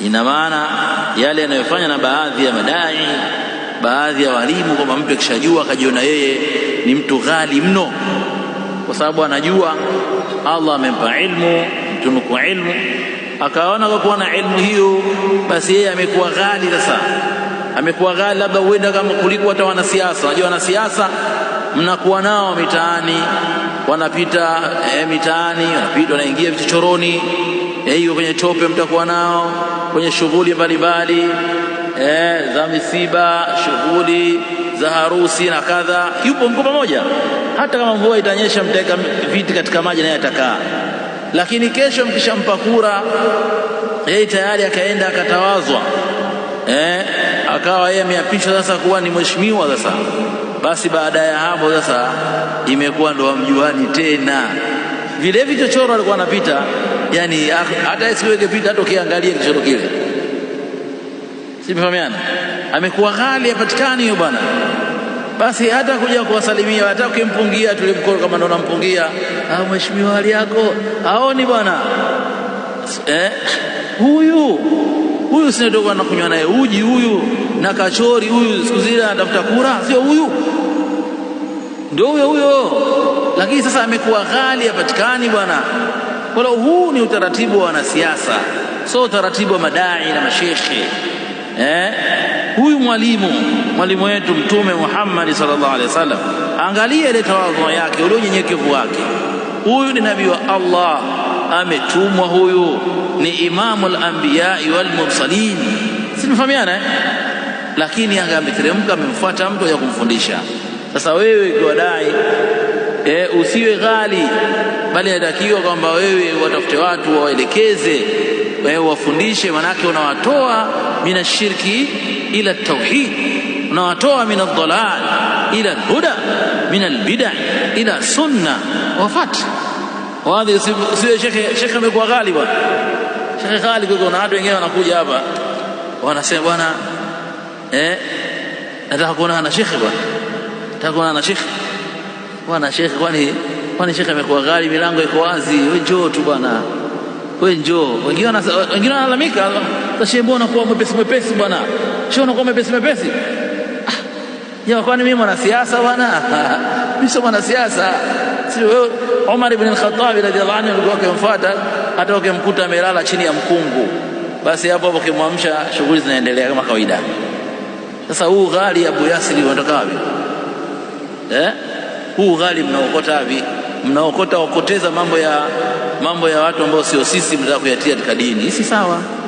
Ina maana yale yanayofanya na baadhi ya madai, baadhi ya walimu, kwamba mtu akishajua akajiona yeye ni mtu ghali mno, kwa sababu anajua Allah amempa ilmu, mtunuku ilmu, akaona kwa kuwa na ilmu hiyo, basi yeye amekuwa ghali. Sasa amekuwa ghali, labda huenda kama kuliko hata wanasiasa. Unajua wanasiasa mnakuwa nao mitaani, wanapita eh, mitaani wanapita, wanaingia vichochoroni hiyo kwenye tope mtakuwa nao kwenye shughuli mbalimbali eh, za misiba, shughuli za harusi na kadha. Yupo mko pamoja, hata kama mvua itanyesha, mtaweka viti katika maji naye atakaa. Lakini kesho mkishampa kura, yeye tayari akaenda akatawazwa, eh, akawa yeye ameapishwa sasa kuwa ni mheshimiwa sasa. Basi baada ya hapo sasa imekuwa ndo hamjuani tena. Vile vichochoro alikuwa anapita yani ah, hata siku ikipita, hata ukiangalia kichoro kile, sifahamiana, amekuwa ghali, apatikani huyo bwana. Basi hata kuja kuwasalimia, hata ukimpungia tulimkoro, kama ndo nampungia ah, mheshimiwa, hali yako, aoni bwana eh? huyu huyu sinatoka nakunywa naye uji huyu na kachori huyu, siku zile anatafuta kura, sio huyu, ndio huyo huyo. Lakini sasa amekuwa ghali, apatikani bwana. Kwa hiyo huu ni utaratibu wa wanasiasa, sio utaratibu wa madai na mashekhe eh? Huyu mwalimu mwalimu wetu Mtume Muhammad sallallahu alaihi wasallam, angalia ile tawadhu yake, ule unyenyekevu wake. Huyu ni nabii wa Allah, ametumwa huyu ni imamu al-anbiyai wal mursalin, simfahamiana eh? Lakini anga ameteremka, amemfuata mtu ya kumfundisha. Sasa wewe ukiwa dai e, usiwe ghali, bali inatakiwa kwamba wewe watafute watu wawaelekeze, wewe wafundishe, manake unawatoa mina shirki ila tauhid, unawatoa mina dhalal ila huda, mina albida ila sunna. Wafati waadhi, usiwe shekhe. Shekhe amekuwa ghali bwana, shekhe ghali kuliko na watu wengine wanakuja hapa wanasema bwana, eh, nataka kuonana na shekhe bwana, nataka kuonana na shekhe bwana shekhe, kwani kwani shekhe amekuwa ghali, milango iko wazi, wewe njoo tu bwana, wewe njoo. Wengine wengine wanalalamika shehe, mbona unakuwa mwepesi mwepesi bwana, shehe unakuwa mwepesi mwepesi. Ah, kwani mimi mwanasiasa bwana? mimi sio mwanasiasa. Si wewe Umar ibn al-Khattab radhiallahu anhu alikuwa akimfuata hata ukimkuta amelala chini ya mkungu, basi hapo hapo kimwamsha, shughuli zinaendelea kama kawaida. Sasa huu ghali Abu Yasir unatoka wapi eh? Huu ghali mnaokota hivi, mnaokota okoteza mambo ya, mambo ya watu ambao sio sisi, mtaka kuyatia katika dini, si sawa.